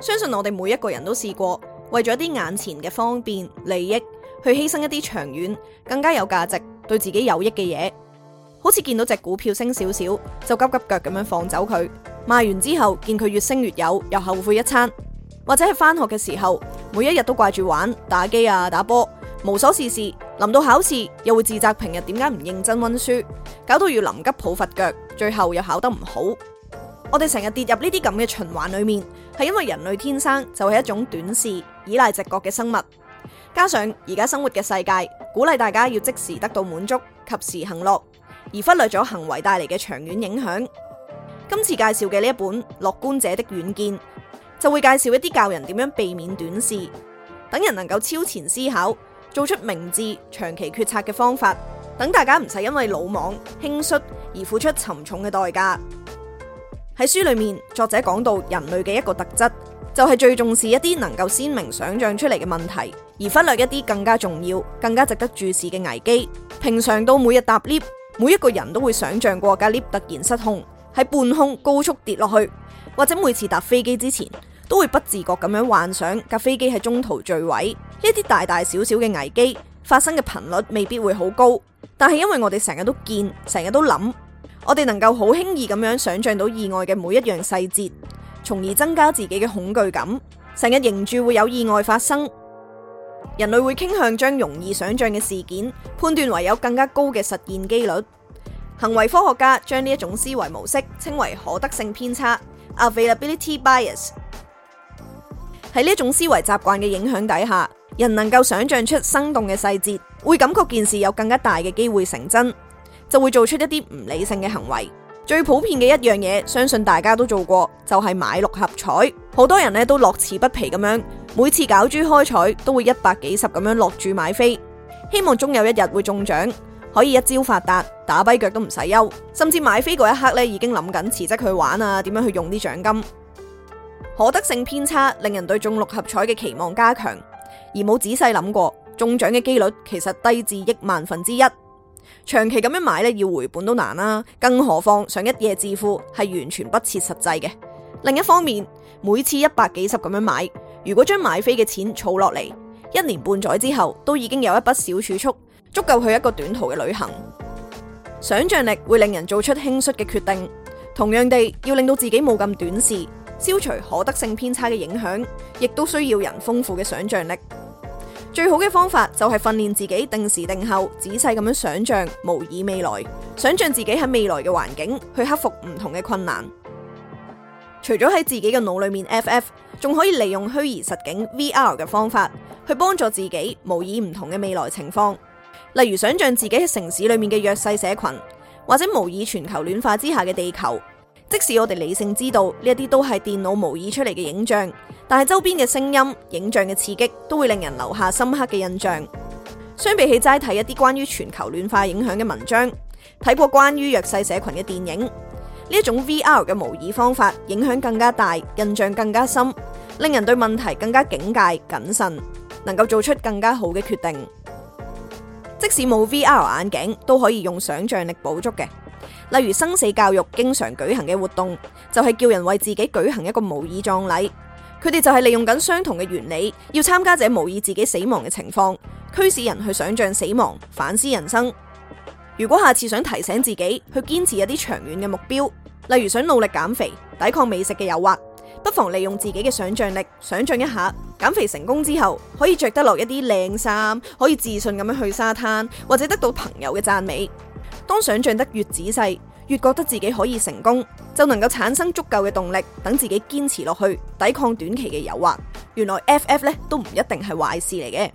相信我哋每一個人都試過，為咗一啲眼前嘅方便、利益，去犧牲一啲長遠、更加有價值、對自己有益嘅嘢。好似見到隻股票升少少，就急急腳咁樣放走佢，賣完之後見佢越升越有，又後悔一餐。或者係翻學嘅時候，每一日都掛住玩打機啊、打波，無所事事，臨到考試又會自責平日點解唔認真溫書，搞到要臨急抱佛腳，最後又考得唔好。我哋成日跌入呢啲咁嘅循環裏面，係因為人類天生就係一種短視、依賴直覺嘅生物，加上而家生活嘅世界鼓勵大家要即時得到滿足、及時行樂，而忽略咗行為帶嚟嘅長遠影響。今次介紹嘅呢一本《樂觀者的遠見》，就會介紹一啲教人點樣避免短視，等人能夠超前思考，做出明智、長期決策嘅方法，等大家唔使因為魯莽、輕率而付出沉重嘅代價。喺書裏面，作者講到人類嘅一個特質，就係最重視一啲能夠鮮明想象出嚟嘅問題，而忽略一啲更加重要、更加值得注視嘅危機。平常到每日搭 lift，每一個人都會想象過架 lift 突然失控喺半空高速跌落去，或者每次搭飛機之前都會不自覺咁樣幻想架飛機喺中途墜毀。呢啲大大小小嘅危機發生嘅頻率未必會好高，但係因為我哋成日都見，成日都諗。我哋能夠好輕易咁樣想象到意外嘅每一樣細節，從而增加自己嘅恐懼感，成日諗住會有意外發生。人類會傾向將容易想象嘅事件判斷為有更加高嘅實現幾率。行為科學家將呢一種思維模式稱為可得性偏差 （availability bias）。Uh-huh. 喺呢種思維習慣嘅影響底下，人能夠想象出生動嘅細節，會感覺件事有更加大嘅機會成真。就會做出一啲唔理性嘅行為。最普遍嘅一樣嘢，相信大家都做過，就係買六合彩。好多人咧都樂此不疲咁樣，每次搞豬開彩都會一百幾十咁樣落注買飛，希望終有一日會中獎，可以一朝發達，打跛腳都唔使憂。甚至買飛嗰一刻咧，已經諗緊辭職去玩啊，點樣去用啲獎金。可得性偏差令人對中六合彩嘅期望加強，而冇仔細諗過中獎嘅幾率其實低至億萬分之一。長期咁樣買咧，要回本都難啦，更何況想一夜致富係完全不切實際嘅。另一方面，每次一百幾十咁樣買，如果將買飛嘅錢儲落嚟，一年半載之後都已經有一筆小儲蓄，足夠去一個短途嘅旅行。想象力會令人做出輕率嘅決定，同樣地要令到自己冇咁短視，消除可得性偏差嘅影響，亦都需要人豐富嘅想象力。最好嘅方法就係訓練自己定時定候，仔細咁樣想象模擬未來，想象自己喺未來嘅環境去克服唔同嘅困難。除咗喺自己嘅腦裏面，FF 仲可以利用虛擬實境 VR 嘅方法去幫助自己模擬唔同嘅未來情況，例如想象自己喺城市裏面嘅弱勢社群，或者模擬全球暖化之下嘅地球。即使我哋理性知道呢一啲都係電腦模擬出嚟嘅影像，但係周邊嘅聲音、影像嘅刺激都會令人留下深刻嘅印象。相比起齋睇一啲關於全球暖化影響嘅文章，睇過關於弱勢社群嘅電影，呢一種 VR 嘅模擬方法影響更加大，印象更加深，令人對問題更加警戒、謹慎，能夠做出更加好嘅決定。即使冇 VR 眼鏡，都可以用想象力補足嘅。例如生死教育經常舉行嘅活動，就係叫人為自己舉行一個模擬葬禮。佢哋就係利用緊相同嘅原理，要參加者模擬自己死亡嘅情況，驅使人去想象死亡，反思人生。如果下次想提醒自己去堅持一啲長遠嘅目標，例如想努力減肥、抵抗美食嘅誘惑，不妨利用自己嘅想象力，想象一下減肥成功之後可以着得落一啲靚衫，可以自信咁樣去沙灘，或者得到朋友嘅讚美。當想象得越仔細，越覺得自己可以成功，就能夠產生足夠嘅動力，等自己堅持落去，抵抗短期嘅誘惑。原來 FF 都唔一定係壞事嚟嘅。